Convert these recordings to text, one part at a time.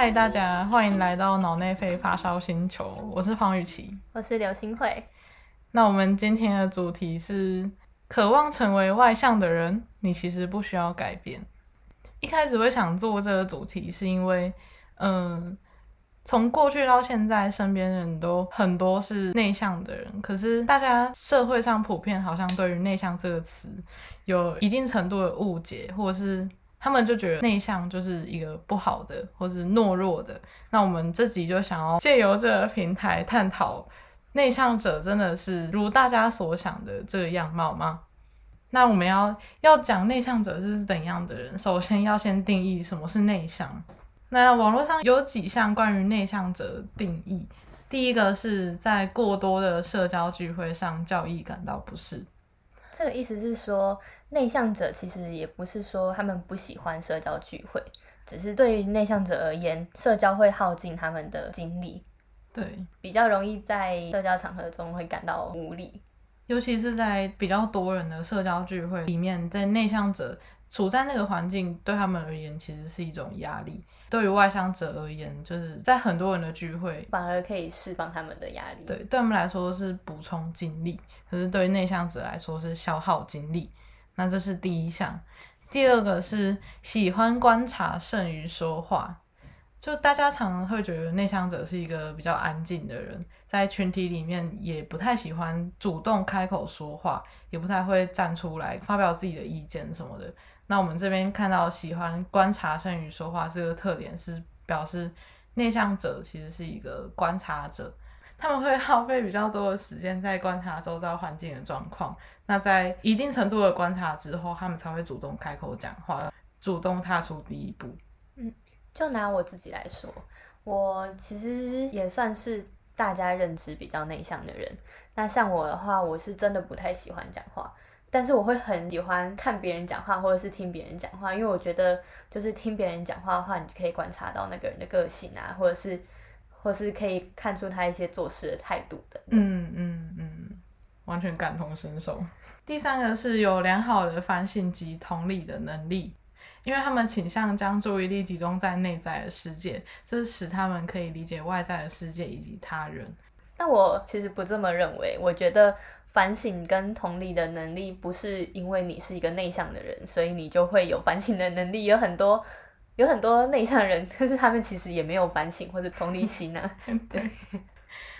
嗨，大家歡迎來到腦內飛發燒星球，我是黃雨淇，我是劉馨惠。那我們今天的主題是渴望成為外向的人，你其實不需要改變。一開始我會想做這個主題，是因為，嗯、呃，從過去到現在，身邊人都很多是內向的人，可是大家社會上普遍好像對於內向這個詞有一定程度的誤解，或者是。他們就覺得內向就是一個不好的，或者是懦弱的。那我們這集就想要借由這個平台探討，內向者真的是如大家所想的這個樣貌嗎？那我們要要講內向者是怎樣的人，首先要先定義什麼是內向。那網絡上有幾項關於內向者的定義，第一個是在過多的社交聚會上較易感到不適。這個意思是說。內向者其實也不是說他們不喜歡社交聚會，只是對於內向者而言，社交會耗盡他們的精力，對，比較容易在社交場合中會感到無力，尤其是在比較多人的社交聚會裡面，在內向者處在那個環境，對他們而言其實是一種壓力。對於外向者而言，就是在很多人的聚會反而可以釋放他們的壓力，對，對他們來說是補充精力，可是對於內向者來說是消耗精力。那這是第一項，第二個是喜歡觀察勝於說話，就大家常常會覺得內向者是一個比較安靜的人，在群體裡面也不太喜歡主動開口說話，也不太會站出來發表自己的意見什麼的。那我們這邊看到喜歡觀察勝於說話這個特點是表示內向者其實是一個觀察者。他們會耗費比較多的時間在觀察周遭環境的狀況，那在一定程度的觀察之後，他們才會主動開口講話，主動踏出第一步。嗯，就拿我自己來說，我其實也算是大家認知比較內向的人。那像我的話，我是真的不太喜歡講話，但是我會很喜歡看別人講話，或者是聽別人講話，因為我覺得就是聽別人講話的話，你就可以觀察到那個人的個性啊，或者是。或是可以看出他一些做事的態度的，嗯嗯嗯，完全感同身受。第三個是有良好的反省及同理的能力，因為他們傾向將注意力集中在內在的世界，這使他們可以理解外在的世界以及他人。那我其實不這麼認為，我覺得反省跟同理的能力不是因為你是一個內向的人，所以你就會有反省的能力，有很多。有很多內向人，但是他們其實也沒有反省或者同理心吶、啊。對， 對，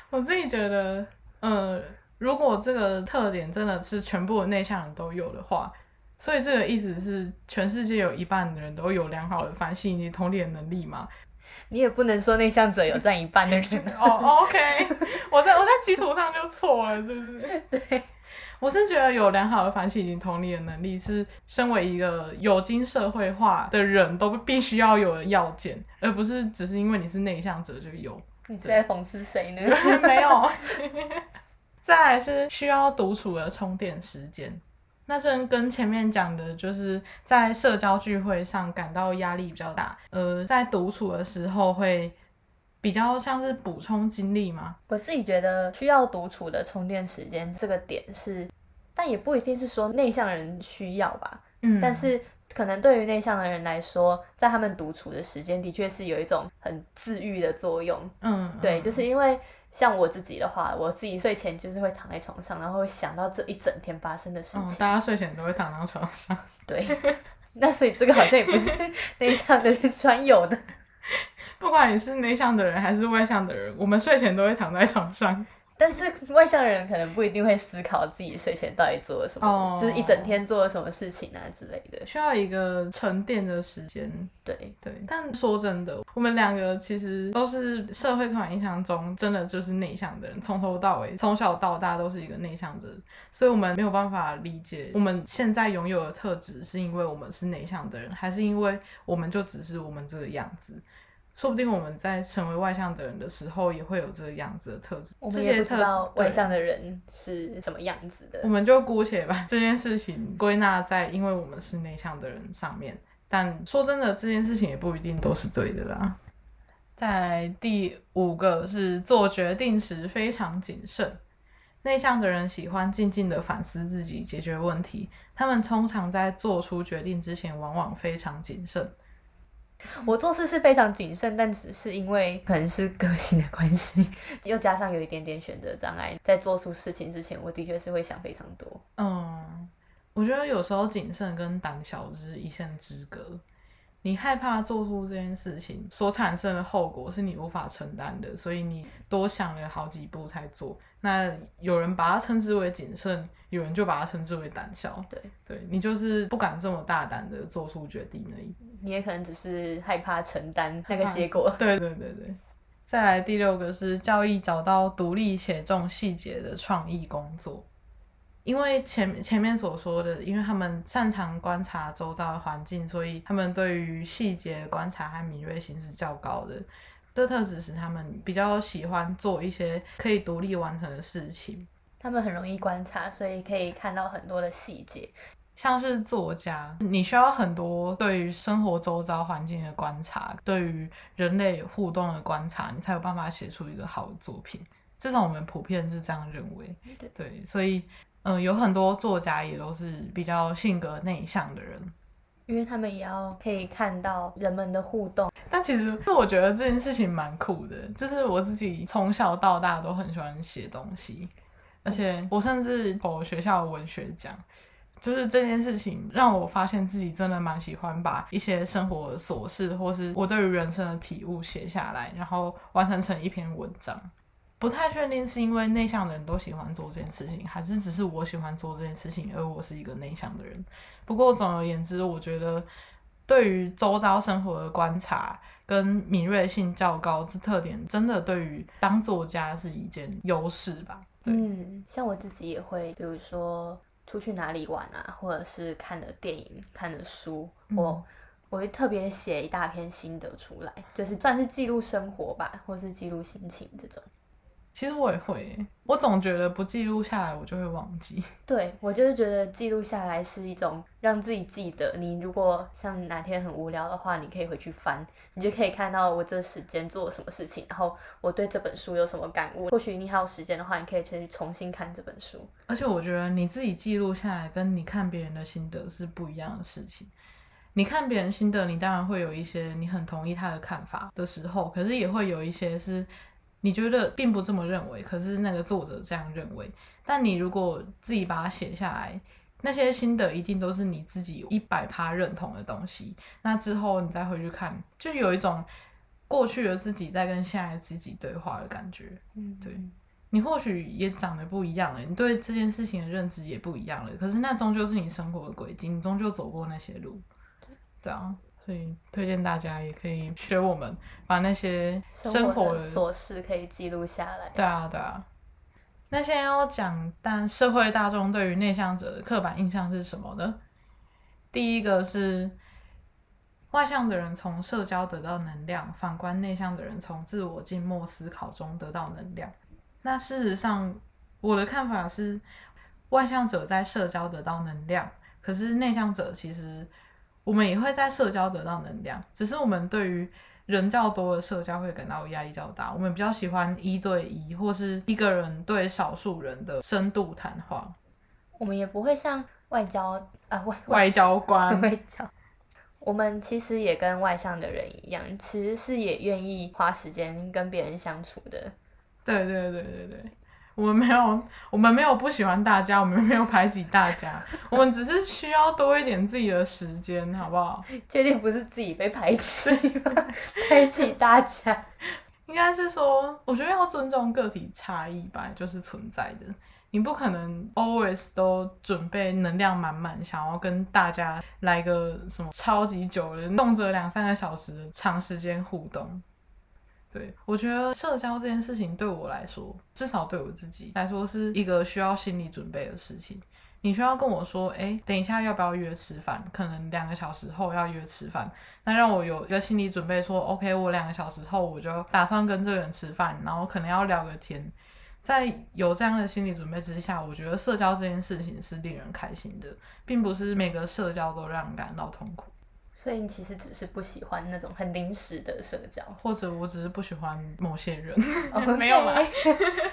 我自己覺得，嗯、呃，如果這個特點真的是全部的內向人都有的話，所以這個意思是全世界有一半的人都有良好的反省以及同理的能力嘛。你也不能說內向者有占一半的人哦、啊。 Oh, OK，我在我在基礎上就錯了，是不是？ 對。我是覺得有良好的反省以及同理的能力，是身為一個有經社會化的人都必須要有的要件，而不是只是因為你是內向者就有。你在諷刺誰呢？沒有。再來是需要獨處的充電時間。那這跟前面講的，就是在社交聚會上感到壓力比較大，呃，在獨處的時候會。比較像是補充精力嗎？我自己覺得需要獨處的充電時間這個點是，但也不一定是說內向人需要吧。嗯，但是可能對於內向的人來說，在他們獨處的時間，的確是有一種很治癒的作用。嗯，嗯，對，就是因為像我自己的話，我自己睡前就是會躺在床上，然後會想到這一整天發生的事情。嗯，大家睡前都會躺到床上？對。那所以這個好像也不是內向的人專有的。不管你是內向的人還是外向的人，我們睡前都會躺在床上。但是外向的人可能不一定會思考自己睡前到底做了什麼，oh, 就是一整天做了什麼事情啊之類的，需要一個沉澱的時間。對對，但說真的，我們兩個其實都是社會刻板印象中真的就是內向的人，從頭到尾，從小到大都是一個內向者，所以我們沒有辦法理解我們現在擁有的特質是因為我們是內向的人，還是因為我們就只是我們這個樣子。說不定我們在成為外向的人的時候，也會有這個樣子的特質。這些特質，我們也不知道外向的人是什麼樣子的。對啊。我們就姑且把這件事情歸納在，因為我們是內向的人上面。但說真的，這件事情也不一定都是對的啦。在第五個是做決定時非常謹慎，內向的人喜歡靜靜的反思自己解決問題。他們通常在做出決定之前，往往非常謹慎。我做事是非常謹慎，但只是因為可能是個性的關係，又加上有一點點選擇障礙，在做出事情之前，我的確是會想非常多。嗯，我覺得有時候謹慎跟膽小只是一線之隔。你害怕做出這件事情所產生的後果，是你無法承擔的，所以你多想了好幾步才做。那有人把它稱之為謹慎，有人就把它稱之為膽小。對對，你就是不敢這麼大膽的做出決定而已。你也可能只是害怕承擔那個結果。對對對對，再來第六個是教育，找到獨立且重細節的創意工作。因為，前前面所說的，因為他們擅長觀察周遭的環境，所以他們對於細節觀察和敏銳性是較高的。這特質使他們比較喜歡做一些可以獨立完成的事情。他們很容易觀察，所以可以看到很多的細節。像是作家，你需要很多對於生活周遭環境的觀察，對於人類互動的觀察，你才有辦法寫出一個好的作品。至少我們普遍是這樣認為。對，所以。嗯，有很多作家也都是比較性格內向的人，因為他們也要可以看到人們的互動。但其實我覺得這件事情蠻酷的，就是我自己從小到大都很喜歡寫東西，而且我甚至哦，學校文學獎。就是這件事情讓我發現自己真的蠻喜歡把一些生活的瑣事或是我對於人生的體悟寫下來，然後完成成一篇文章。不太確定是因為內向的人都喜歡做這件事情，還是只是我喜歡做這件事情，而我是一個內向的人。不過總而言之，我覺得對於周遭生活的觀察跟敏銳性較高之特點，真的對於當作家是一件優勢吧。對，嗯，像我自己也會，比如說出去哪裡玩啊，或者是看的電影、看的書，嗯，我我會特別寫一大篇心得出來，就是算是記錄生活吧，或是記錄心情這種。其實我也會，我總覺得不記錄下來我就會忘記。對，我就是覺得記錄下來是一種讓自己記得。你如果像哪天很無聊的話，你可以回去翻，你就可以看到我這時間做了什麼事情，然後我對這本書有什麼感悟。或許你還有時間的話，你可以先去重新看這本書。而且我覺得你自己記錄下來跟你看別人的心得是不一樣的事情。你看別人心得，你當然會有一些你很同意他的看法的時候，可是也會有一些是。你覺得並不這麼認為，可是那個作者這樣認為。但你如果自己把它寫下來，那些心得一定都是你自己一百趴認同的東西。那之後你再回去看，就是有一種過去的自己在跟現在自己對話的感覺。嗯，對。你或許也長得不一樣了，你對這件事情的認知也不一樣了。可是那終究是你生活的軌跡，你終究走過那些路。對，對啊。所以推薦大家也可以學我們，把那些生活的瑣事可以記錄下來。對啊，對啊。那現在要講，但社會大眾對於內向者的刻板印象是什麼呢？第一個是外向的人從社交得到能量，反觀內向的人從自我靜默思考中得到能量。那事實上，我的看法是，外向者在社交得到能量，可是內向者其實。我們也會在社交得到能量，只是我們對於人較多的社交會感到壓力較大。我們比較喜歡一對一或是一個人對少數人的深度談話。我們也不會像外交，啊，外，外交官。外交， 我們其實也跟外向的人一樣，其實是也願意花時間跟別人相處的。對對對對對。我們沒有，我們沒有不喜歡大家，我們沒有排擠大家， 我們只是需要多一點自己的時間，好不好？確定不是自己被排擠吧？ 排擠大家，應該是說，我覺得要尊重個體差異吧，就是存在的。你不可能 always 都準備能量滿滿，想要跟大家來個什麼超級久的，動輒兩三個小時的長時間互動。對，我覺得社交這件事情對我來說，至少對我自己來說，是一個需要心理準備的事情。你需要跟我說，誒，等一下要不要約吃飯？可能兩個小時後要約吃飯，那讓我有一個心理準備說，說，OK，我兩個小時後我就打算跟這個人吃飯，然後可能要聊個天。在有這樣的心理準備之下，我覺得社交這件事情是令人開心的，並不是每個社交都讓人感到痛苦。所以你其實只是不喜歡那種很臨時的社交，或者我只是不喜歡某些人， Oh, 對沒有啦。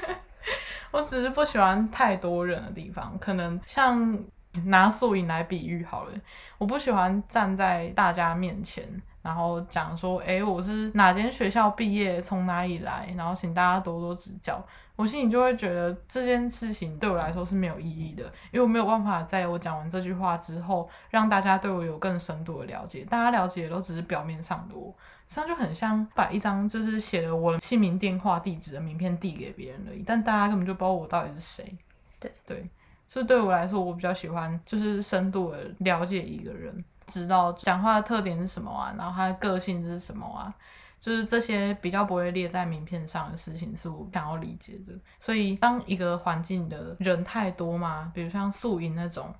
我只是不喜歡太多人的地方，可能像拿素影來比喻好了，我不喜歡站在大家面前。然後講說，哎，我是哪間學校畢業，從哪裡來，然後請大家多多指教。我心裡就會覺得這件事情對我來說是沒有意義的，因為我沒有辦法在我講完這句話之後，讓大家對我有更深度的了解。大家了解的都只是表面上的我，實際上就很像把一張就是寫了我的姓名、電話、地址的名片遞給別人而已。但大家根本就不知道我到底是誰。對對，所以對我來說，我比較喜歡就是深度的了解一個人。知道講話的特點是什麼啊，然後他的個性是什麼啊？就是這些比較不會列在名片上的事情，是我想要理解的。所以，當一個環境的人太多嘛，比如像宿營那種，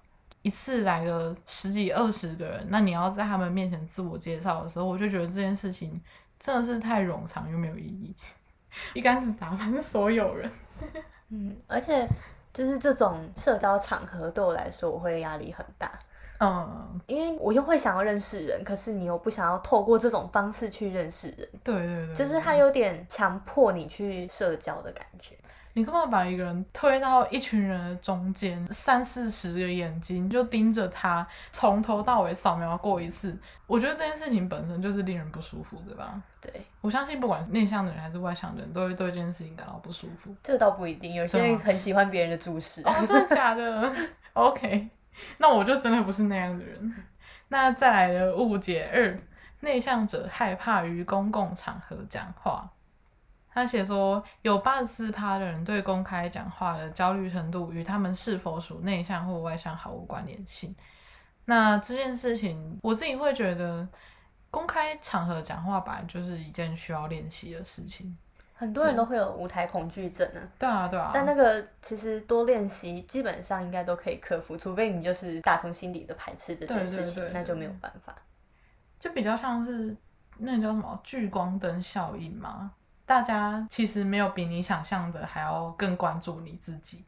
一次來個十幾二十個人，那你要在他們面前自我介紹的時候，我就覺得這件事情真的是太冗長又沒有意義，一竿子打翻所有人。嗯，而且就是這種社交場合對我來說，我會壓力很大。嗯，因為我又會想要認識人，可是你又不想要透過這種方式去認識人。對對對，就是他有點強迫你去社交的感覺。嗯，你幹嘛把一個人推到一群人的中間，三四十個眼睛就盯着他，從頭到尾掃描過一次？我覺得這件事情本身就是令人不舒服，對吧？對，我相信不管內向的人還是外向的人，都會對這件事情感到不舒服。這倒不一定，有些人嗎很喜歡別人的注視。哦，真的假的 ？OK。 那我就真的不是那樣的人。 那再來的誤解二，內向者害怕於公共場合講話。他寫說，有八十四趴的人對公開講話的焦慮程度與他們是否屬內向或外向毫無關聯性。那這件事情，我自己會覺得，公開場合講話本來就是一件需要練習的事情。很多人都會有舞台恐懼症呢、啊。對啊，對啊。但那個其實多練習，基本上應該都可以克服，除非你就是打從心底的排斥這件事情，對對對對對。那就沒有辦法。就比較像是那個、叫什麼聚光燈效應嘛？大家其實沒有比你想象的還要更關注你自己。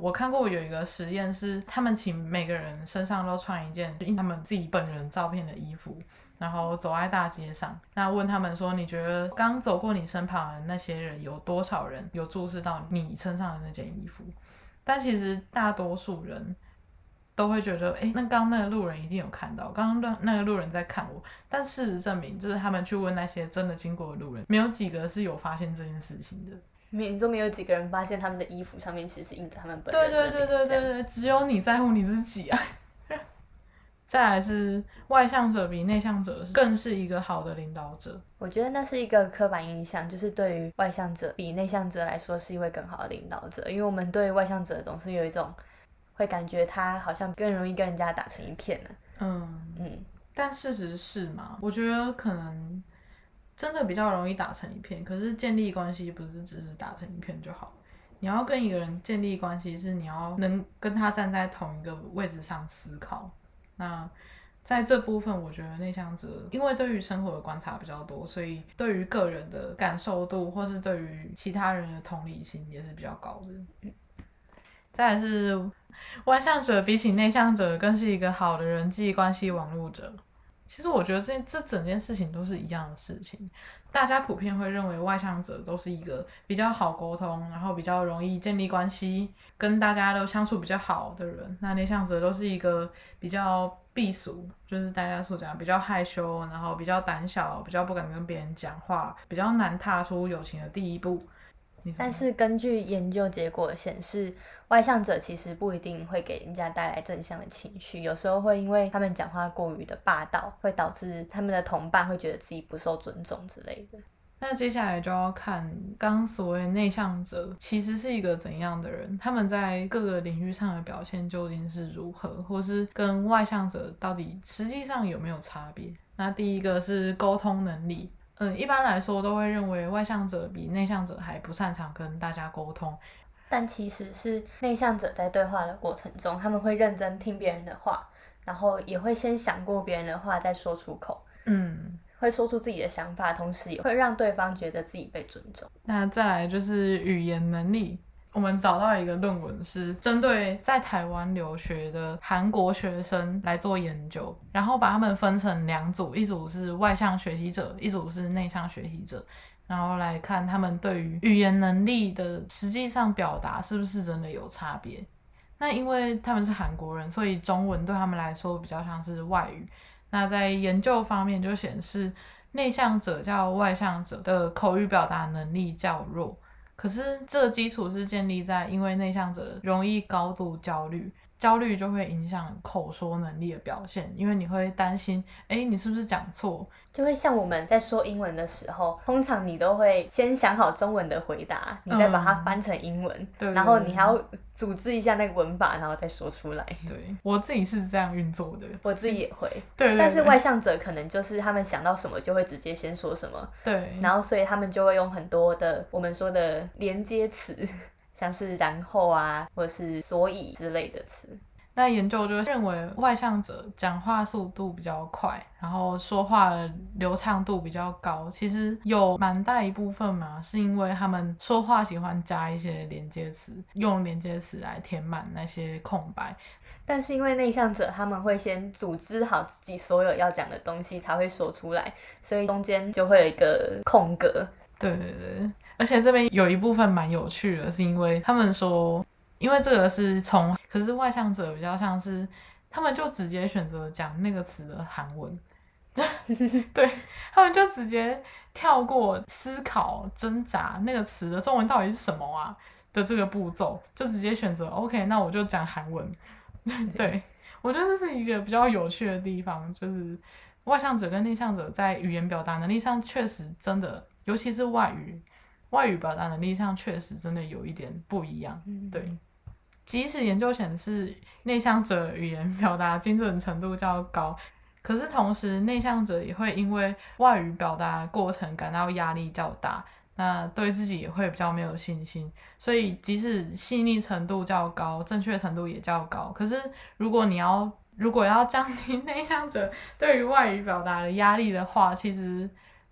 我看過有一個實驗是，他們請每個人身上都穿一件印他們自己本人照片的衣服，然後走在大街上，那問他們說，你覺得剛走過你身旁的那些人有多少人有注視到你身上的那件衣服？但其實大多數人都會覺得，誒、欸，那剛那個路人一定有看到，剛剛那那個路人在看我。但事實證明，就是他們去問那些真的經過的路人，沒有幾個是有發現這件事情的。你都沒有幾個人發現他們的衣服上面其實是印着他們本人的。對對對對對對，只有你在乎你自己啊！ 再來是外向者比內向者更是一個好的領導者。我覺得那是一個刻板印象，就是對於外向者比內向者來說是一位更好的領導者，因為我們對外向者總是有一種會感覺他好像更容易跟人家打成一片。嗯嗯，嗯，但事實是嘛？我覺得可能。真的比較容易打成一片，可是建立關係不是只是打成一片就好。你要跟一個人建立關係，是你要能跟他站在同一個位置上思考。那在這部分，我覺得內向者，因為對於生活的觀察比較多，所以對於個人的感受度，或是對於其他人的同理心也是比較高的。再來是外向者，比起內向者，更是一個好的人際關係網絡者。其實我覺得這這整件事情都是一樣的事情，大家普遍會認為外向者都是一個比較好溝通，然後比較容易建立關係，跟大家都相處比較好的人。那內向者都是一個比較閉俗，就是大家所講比較害羞，然後比較膽小，比較不敢跟別人講話，比較難踏出友情的第一步。但是根據研究結果顯示，外向者其實不一定會給人家帶來正向的情緒，有時候會因為他們講話過於的霸道，會導致他們的同伴會覺得自己不受尊重之類的。那接下來就要看剛所謂內向者其實是一個怎樣的人，他們在各個領域上的表現究竟是如何，或是跟外向者到底實際上有沒有差別？那第一個是溝通能力。嗯，一般來說都會認為外向者比內向者還不擅長跟大家溝通。但其實是內向者在對話的過程中，他們會認真聽別人的話，然後也會先想過別人的話再說出口，嗯，會說出自己的想法，同時也會讓對方覺得自己被尊重。那再來就是語言能力。我們找到一個論文，是針對在台灣留學的韓國學生來做研究，然後把他們分成兩組，一組是外向學習者，一組是內向學習者，然後來看他們對於語言能力的實際上表達是不是真的有差別。那因為他們是韓國人，所以中文對他們來說比較像是外語。那在研究方面就顯示，內向者較外向者的口語表達能力較弱。可是，這個基礎是建立在，因為內向者容易高度焦慮。焦慮就會影響口說能力的表現，因為你會擔心，哎，你是不是講錯？就會像我們在說英文的時候，通常你都會先想好中文的回答，嗯，你再把它翻成英文，對，然後你還要組織一下那個文法，然後再說出來。對，我自己是這樣運作的，我自己也會。對對對，但是外向者可能就是他們想到什麼就會直接先說什麼，對，然後所以他們就會用很多的我們說的連接詞。像是然後啊，或者是所以之類的詞。那研究就認為外向者講話速度比較快，然後說話流暢度比較高。其實有蠻大一部分嘛，是因為他們說話喜歡加一些連接詞，用連接詞來填滿那些空白。但是因為內向者，他們會先組織好自己所有要講的東西，才會說出來，所以中間就會有一個空格。對對對。而且這邊有一部分蠻有趣的，是因為他們說，因為這個是從，可是外向者比較像是，他們就直接選擇講那個詞的韓文， 對，他們就直接跳過思考掙扎那個詞的中文到底是什麼啊的這個步驟，就直接選擇 OK，那我就講韓文。對，我覺得這是一個比較有趣的地方，就是外向者跟內向者在語言表達能力上確實真的，尤其是外語。外語表達能力上確實真的有一點不一樣，對。即使研究顯示內向者語言表達精準程度較高，可是同時內向者也會因為外語表達過程感到壓力較大，那對自己也會比較沒有信心。所以即使細膩程度較高、正確程度也較高，可是如果你要如果要降低內向者對於外語表達的壓力的話，其實。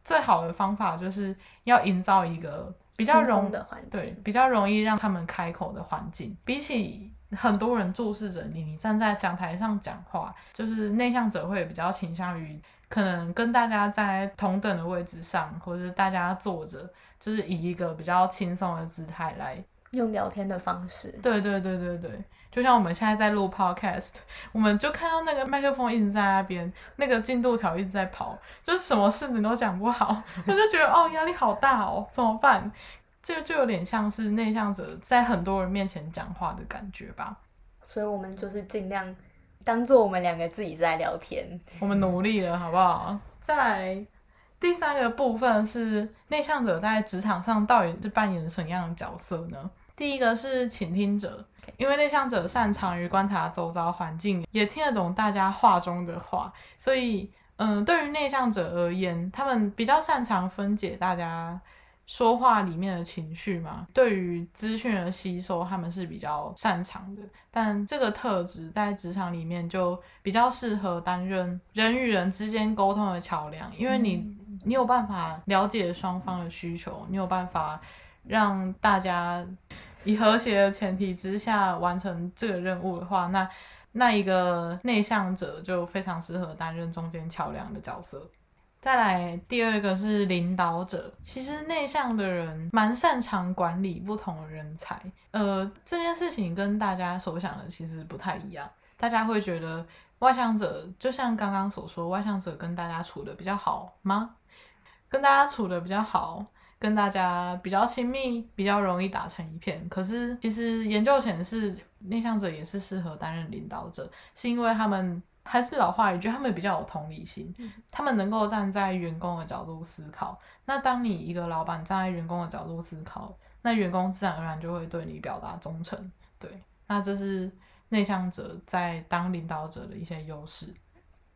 最好的方法就是要營造一個比較容的環境，對，比較容易讓他們開口的環境。比起很多人注視着你，你站在講台上講話，就是內向者會比較傾向於可能跟大家在同等的位置上，或者大家坐着，就是以一個比較輕鬆的姿態來用聊天的方式。對對對對對，對。就像我們現在在錄 podcast，我們就看到那個麥克風一直在那邊，那個進度條一直在跑，就是什麼事情都講不好，我就覺得哦，壓力好大哦，怎麼辦？這個就有點像是內向者在很多人面前講話的感覺吧。所以我們就是盡量當做我們兩個自己在聊天， 我們努力了好不好？再來第三個部分是內向者在職場上到底是扮演什麼樣的角色呢？第一個是傾聽者。因為內向者擅長於觀察周遭環境，也聽得懂大家話中的話，所以，嗯、呃，對於內向者而言，他們比較擅長分解大家說話裡面的情緒嘛。對於資訊的吸收，他們是比較擅長的。但這個特質在職場裡面就比較適合擔任人與人之間溝通的橋樑，因為你你有辦法了解雙方的需求，你有辦法讓大家，以和諧的前提之下完成這個任務的話，那那一個內向者就非常適合擔任中間橋樑的角色。再來第二個是領導者，其實內向的人蠻擅長管理不同的人才。呃，這件事情跟大家所想的其實不太一樣。大家會覺得外向者，就像剛剛所說，外向者跟大家處得比較好嗎？跟大家處得比較好。跟大家比較親密，比較容易打成一片。可是，其實研究顯示，內向者也是適合擔任領導者，是因為他們還是老話，一句覺得他們比較有同理心，嗯、他們能夠站在員工的角度思考。那當你一個老闆站在員工的角度思考，那員工自然而然就會對你表達忠誠。對，那這是內向者在當領導者的一些優勢。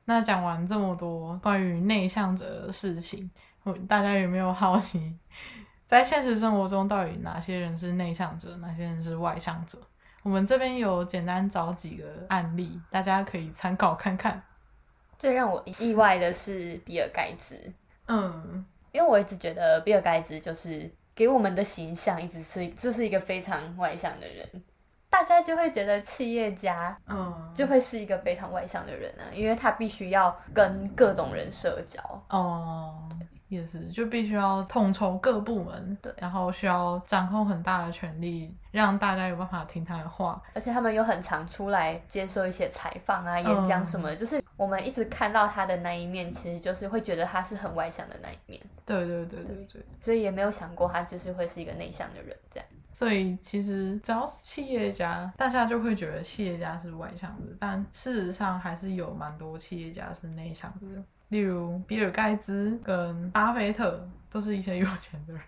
那講完這麼多關於內向者的事情，大家有沒有好奇？在現實生活中，到底哪些人是內向者，哪些人是外向者？我們這邊有簡單找幾個案例，大家可以參考看看。最讓我意外的是比爾蓋茨，嗯，因為我一直覺得比爾蓋茨就是給我們的形象一直是就是一個非常外向的人，大家就會覺得企業家嗯就會是一個非常外向的人啊，嗯，因為他必須要跟各種人社交哦。嗯也是，yes, 就必須要統籌各部門，對，然後需要掌控很大的權力，讓大家有辦法聽他的話。而且他們又很常出來接受一些採訪啊、演、嗯、講什麼的，就是我們一直看到他的那一面，其實就是會覺得他是很外向的那一面。對對對對對，對。所以也沒有想過他就是會是一個內向的人這樣。所以其實只要是企業家，大家就會覺得企業家是外向的，但事實上還是有蠻多企業家是內向的。例如，比爾蓋茨跟巴菲特都是一些有錢的人，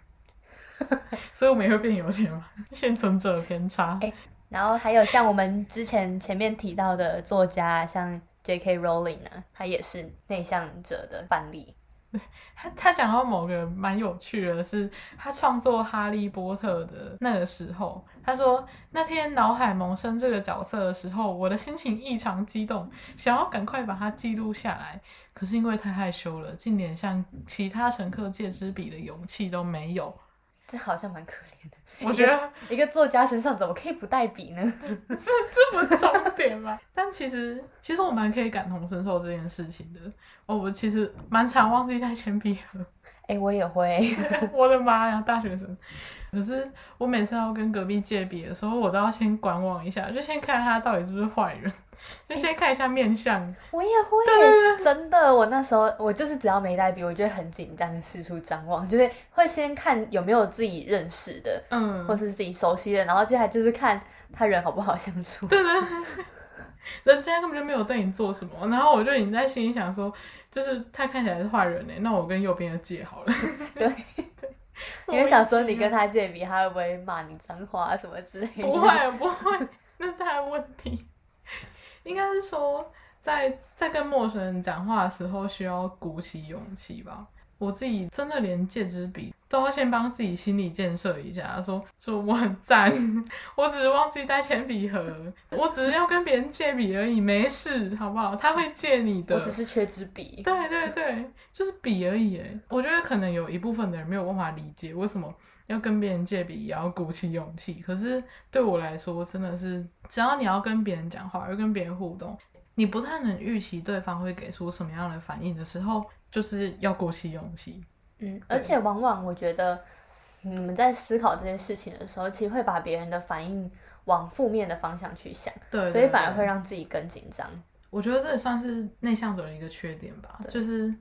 所以我們也會變有錢嗎？倖存者偏差。欸，然後還有像我們之前前面提到的作家，像 J.K. Rowling 呢，他也是內向者的範例。對，他他講到某個蠻有趣的，是他創作《哈利波特》的那個時候，他說那天腦海萌生這個角色的時候，我的心情異常激動，想要趕快把它記錄下來，可是因為太害羞了，竟連向其他乘客借支筆的勇氣都沒有。這好像蠻可憐的。我覺得一個，一個作家身上怎麼可以不帶筆呢？這這，這不重點嗎？ 但其實，其實我蠻可以感同身受這件事情的。哦，我其實蠻常忘記帶鉛筆盒。哎、欸，我也會， 我的媽呀，大學生！可是我每次要跟隔壁借筆的時候，我都要先觀望一下，就先看看他到底是不是壞人。欸、就先看一下面相，欸、我也會，對真的。我那時候我就是只要沒帶筆，我就會很緊張地四處張望，就是會先看有沒有自己認識的，嗯，或是自己熟悉的，然後接下來就是看他人好不好相處。對對，人家根本就沒有對你做什麼，然後我就已經在心裡想說，就是他看起來是壞人呢、欸，那我跟右邊的借好了。對對，對我你想說你跟他借筆，他會不會罵你髒話什麼之類的？不會不會，那是他的問題。應該是說在，在在跟陌生人講話的時候需要鼓起勇氣吧。我自己真的連借支筆都要先幫自己心理建設一下，說說我很讚， 我只是忘記帶鉛筆盒， 我只是要跟別人借筆而已，沒事，好不好？他會借你的。我只是缺支筆。對對對，就是筆而已。誒，我覺得可能有一部分的人沒有辦法理解為什麼，要跟別人借筆，也要鼓起勇氣。可是對我來說，真的是只要你要跟別人講話，要跟別人互動，你不太能預期對方會給出什麼樣的反應的時候，就是要鼓起勇氣。嗯，對而且往往我覺得你們在思考這件事情的時候，其實會把別人的反應往負面的方向去想，對，對，對，所以反而會讓自己更緊張。我覺得這也算是內向者的一個缺點吧，對就是。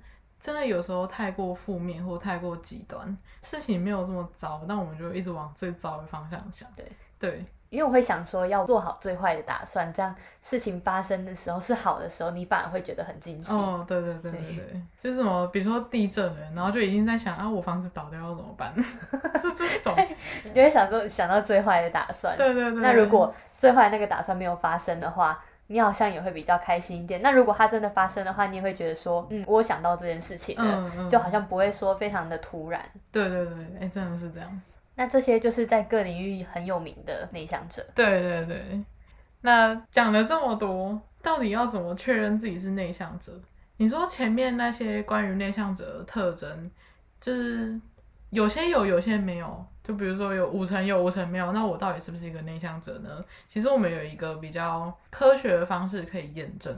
真的有時候太過負面或太過極端，事情沒有這麼糟，但我們就一直往最糟的方向想。對，對，因為我會想說要做好最壞的打算，這樣事情發生的時候是好的時候，你反而會覺得很驚喜。哦，對對對對對，對就是什麼，比如說地震了，然後就已經在想啊，我房子倒掉要怎麼辦？ 是這種， 你就會想說想到最壞的打算。對對對，那如果最壞那個打算沒有發生的話。你好像也會比較開心一點。那如果它真的發生的話，你也會覺得說，嗯，我想到這件事情了，嗯，嗯，就好像不會說非常的突然。對對對，哎、欸，真的是這樣。那這些就是在各領域很有名的內向者。對對對。那講了這麼多，到底要怎麼確認自己是內向者？你說前面那些關於內向者的特徵，就是有些有，有些沒有。就比如說有五成，有五成沒有，那我到底是不是一個內向者呢？其實我們有一個比較科學的方式可以驗證，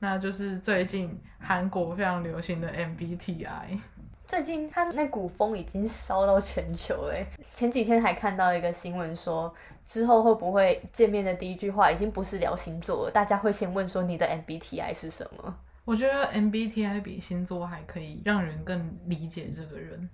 那就是最近韓國非常流行的 MBTI。最近它那股風已經燒到全球了欸。前幾天還看到一個新聞說，之後會不會見面的第一句話已經不是聊星座了。大家會先問說，你的 MBTI 是什麼？我覺得 MBTI 比星座還可以讓人更理解這個人。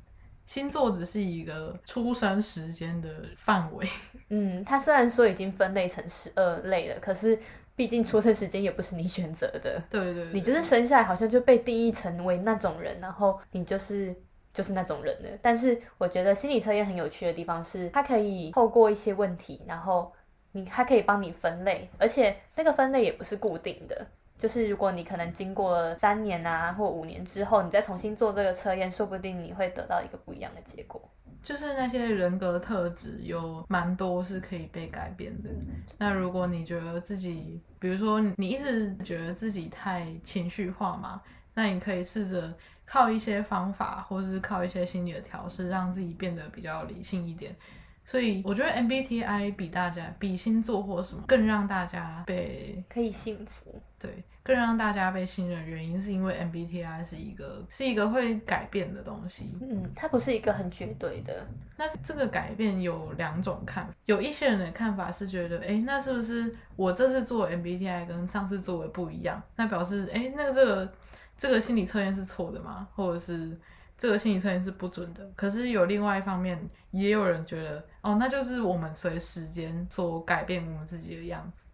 星座只是一個出生時間的範圍。嗯，它雖然說已經分類成十二類了，可是畢竟出生時間也不是你選擇的。對對，對對，你就是生下來好像就被定義成為那種人，然後你就是就是那種人了。但是我覺得心理測驗很有趣的地方是，它可以透過一些問題，然後你，它可以幫你分類，而且那個分類也不是固定的。就是如果你可能經過三年啊或五年之後，你再重新做這個測驗，說不定你會得到一個不一樣的結果。就是那些人格特質有蠻多是可以被改變的。那如果你覺得自己，比如說你一直覺得自己太情緒化嘛，那你可以試着靠一些方法，或是靠一些心理的調適，讓自己變得比較理性一點。所以我覺得 MBTI 比大家比星座或什麼更讓大家被可以信服，對，更讓大家被信任的原因，是因為 MBTI 是一個是一個會改變的東西，嗯，它不是一個很絕對的。那這個改變有兩種看法，有一些人的看法是覺得，哎、欸，那是不是我這次做 MBTI 跟上次做的不一樣？那表示，哎、欸，那個這個這個心理測驗是錯的嗎？或者是？這個心理測驗是不準的，可是有另外一方面，也有人覺得，哦，那就是我們隨時間所改變我們自己的樣子。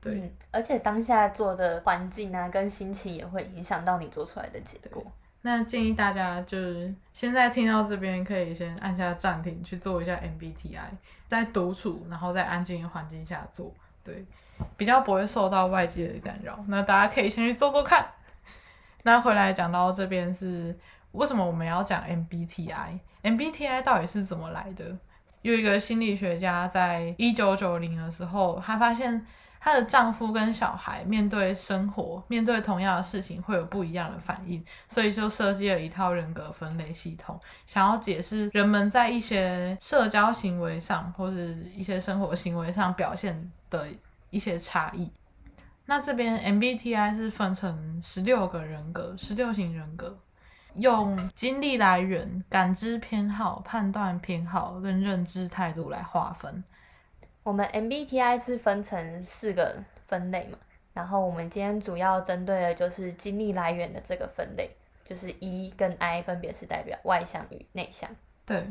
對，嗯，而且當下做的環境啊，跟心情也會影響到你做出來的結果。對，那建議大家就是現在聽到這邊，可以先按下暫停去做一下 MBTI，在獨處然後在安靜的環境下做，對，比較不會受到外界的干擾。那大家可以先去做做看。那回來講到這邊是。為什麼我們要講 MBTI？MBTI 到底是怎麼來的？有一個心理學家在一九九零的時候，他發現他的丈夫跟小孩面對生活、面對同樣的事情會有不一樣的反應，所以就設計了一套人格分類系統，想要解釋人們在一些社交行為上或是一些生活行為上表現的一些差異。那這邊 MBTI 是分成十六個人格、十六型人格。用精力來源、感知偏好、判斷偏好跟認知態度來劃分，我們 MBTI 是分成四個分類嘛。然後我們今天主要針對的就是精力來源的這個分類，就是 E 跟 I，分別是代表外向與內向。對，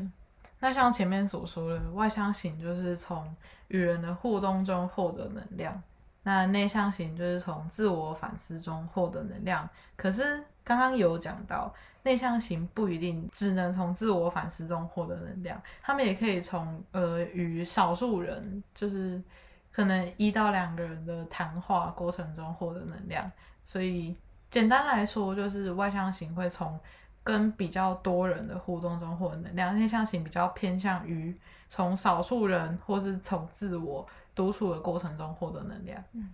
那像前面所說的，外向型就是從與人的互動中獲得能量，那內向型就是從自我反思中獲得能量。可是剛剛有講到，內向型不一定只能從自我反思中獲得能量，他們也可以從呃與少數人，就是可能一到兩個人的談話過程中獲得能量。所以簡單來說，就是外向型會從跟比較多人的互動中獲得能量，內向型比較偏向於從少數人或是從自我獨處的過程中獲得能量。嗯，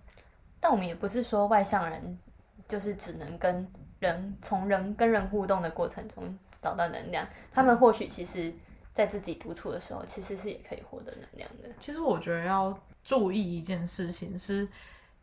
但我們也不是說外向人就是只能跟人從人跟人互動的過程中找到能量，他們或許其實，在自己獨處的時候，其實是也可以獲得能量的。其實我覺得要注意一件事情是，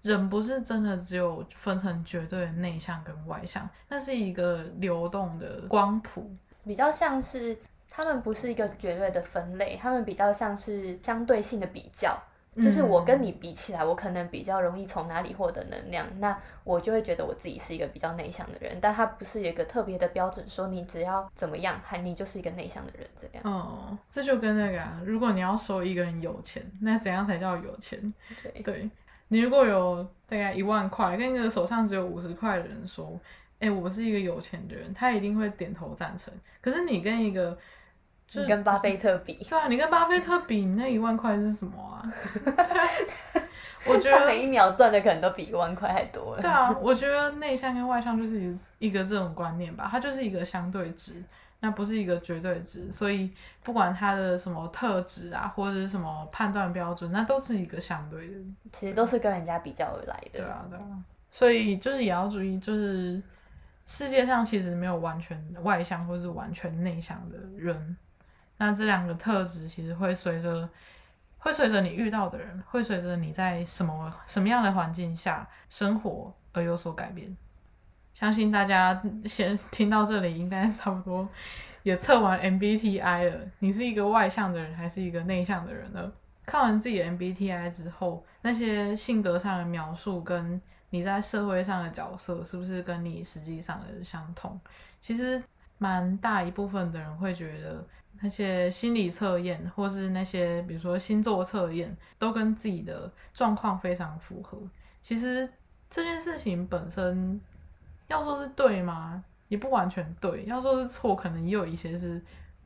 人不是真的只有分成絕對的內向跟外向，那是一個流動的光譜，比較像是他們不是一個絕對的分類，他們比較像是相對性的比較。就是我跟你比起來，嗯、我可能比較容易從哪裡獲得能量，那我就會覺得我自己是一個比較內向的人。但他不是一個特別的標準，說你只要怎麼樣，喊你就是一個內向的人這樣。哦，這就跟那個、啊，如果你要說一個人有錢，那怎樣才叫有錢？對，對，你如果有大概一萬塊，跟一個手上只有五十塊的人說，誒，我是一個有錢的人，他一定會點頭贊成。可是你跟一個就你跟巴菲特比。就是，對啊，你跟巴菲特比，那一萬塊是什麼啊？ 我覺得每一秒賺的可能都比一萬塊還多。對啊，我覺得內向跟外向就是一個這種觀念吧，它就是一個相對值，那不是一個絕對值，所以不管他的什麼特質啊，或者是什麼判斷標準，那都是一個相對的。對，其實都是跟人家比較而來的。對啊，對啊，所以就是也要注意，就是世界上其實沒有完全外向或是完全內向的人。那這兩個特質其實會隨着，會隨着你遇到的人，會隨着你在什麼什麼樣的環境下生活而有所改變。相信大家先聽到這裡，應該差不多也測完 MBTI 了。你是一個外向的人還是一個內向的人呢？看完自己的 MBTI 之後，那些性格上的描述跟你在社會上的角色，是不是跟你實際上的相同？其實。蠻大一部分的人會覺得那些心理測驗，或是那些比如說星座測驗，都跟自己的狀況非常符合。其實這件事情本身，要說是對嗎？也不完全對。要說是錯，可能也有一些是，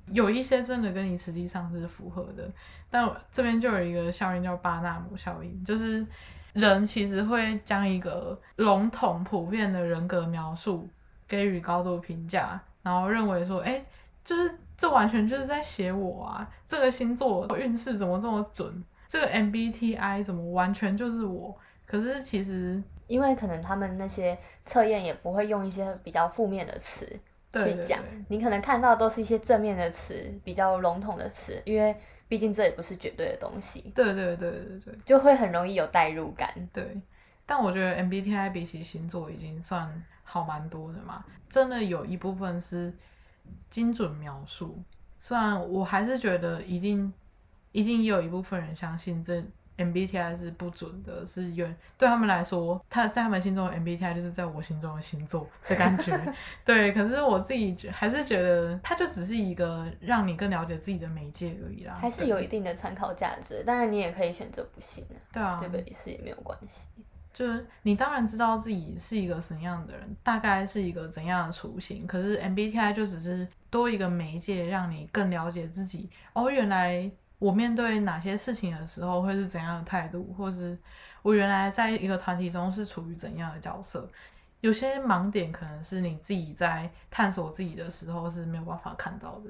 有一些真的跟你實際上是符合的。但這邊就有一個效應叫巴納姆效應，就是人其實會將一個籠統、普遍的人格描述給予高度評價。然後認為說，哎，就是這完全就是在寫我啊！這個星座運勢怎麼這麼準？這個 MBTI 怎麼完全就是我？可是其實，因為可能他們那些測驗也不會用一些比較負面的詞去講，對對對。你可能看到的都是一些正面的詞，比較籠統的詞，因為畢竟這也不是絕對的東西。對，對對對對對，就會很容易有代入感。對，但我覺得 MBTI 比起星座已經算。好蠻多的嘛，真的有一部分是精準描述。雖然我還是覺得一定一定有一部分人相信這 MBTI 是不準的，是原對他們來說，他在他們心中的 MBTI 就是在我心中的星座的感覺。 對，可是我自己覺還是覺得它就只是一個讓你更了解自己的媒介而已啦，還是有一定的參考價值。當然，你也可以選擇不信啊，對啊，試一試也沒有關係。就是你當然知道自己是一個什麼樣的人，大概是一個怎樣的雛形。可是 MBTI 就只是多一個媒介，讓你更了解自己。哦，原來我面對哪些事情的時候會是怎樣的態度，或是我原來在一個團體中是處於怎樣的角色。有些盲點可能是你自己在探索自己的時候是沒有辦法看到的。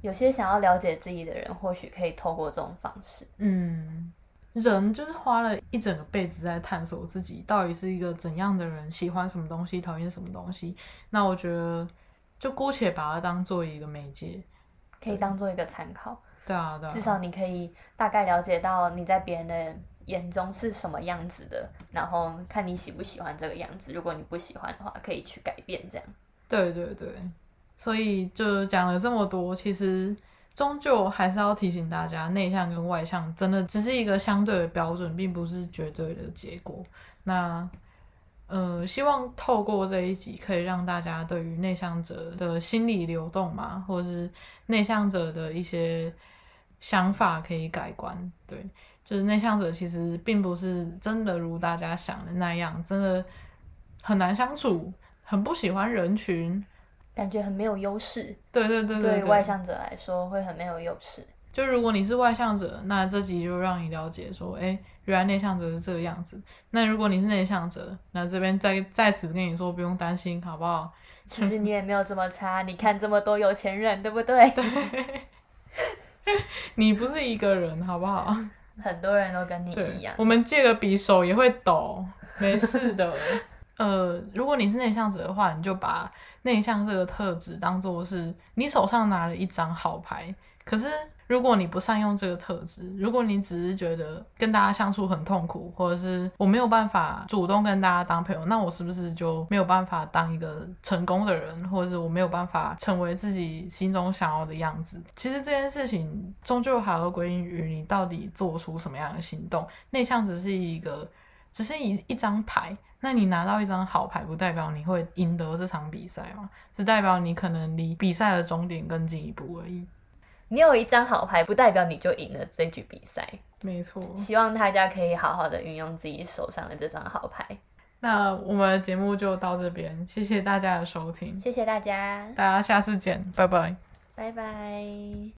有些想要了解自己的人，或許可以透過這種方式。嗯。人就是花了一整個輩子在探索自己到底是一個怎樣的人，喜歡什麼東西，討厭什麼東西。那我覺得，就姑且把它當做一個媒介，對。可以當做一個參考。對啊，對啊。至少你可以大概了解到你在別人的眼中是什麼樣子的，然後看你喜不喜歡這個樣子。如果你不喜歡的話，可以去改變。這樣。對對對，所以就講了這麼多，其實。終究還是要提醒大家，內向跟外向真的只是一個相對的標準，並不是絕對的結果。那，呃，希望透過這一集，可以讓大家對於內向者的心理流動嘛，或是內向者的一些想法可以改觀。對，就是內向者其實並不是真的如大家想的那樣，真的很難相處，很不喜歡人群。感覺很沒有優勢，對對，對對對對，對外向者來說會很沒有優勢。就如果你是外向者，那這集就讓你了解說，哎、欸，原來內向者是這個樣子。那如果你是內向者，那這邊再再次跟你說，不用擔心，好不好？其實你也沒有這麼差， 你看這麼多有錢人，對不對？對， 你不是一個人，好不好？ 很多人都跟你一樣，我們借個筆，手也會抖，沒事的。 呃，如果你是內向者的話，你就把內向這個特質當做是你手上拿了一張好牌。可是，如果你不善用這個特質，如果你只是覺得跟大家相處很痛苦，或者是我沒有辦法主動跟大家當朋友，那我是不是就沒有辦法當一個成功的人，或者是我沒有辦法成為自己心中想要的樣子？其實這件事情終究還要歸因於你到底做出什麼樣的行動。內向只是一個，只是以一張牌。那你拿到一張好牌，不代表你會贏得這場比賽嘛，只代表你可能離比賽的終點更進一步而已。你有一張好牌，不代表你就贏了這局比賽。沒錯。希望大家可以好好的運用自己手上的這張好牌。那我們的節目就到這邊，謝謝大家的收聽，謝謝大家，大家下次見，拜拜，拜拜。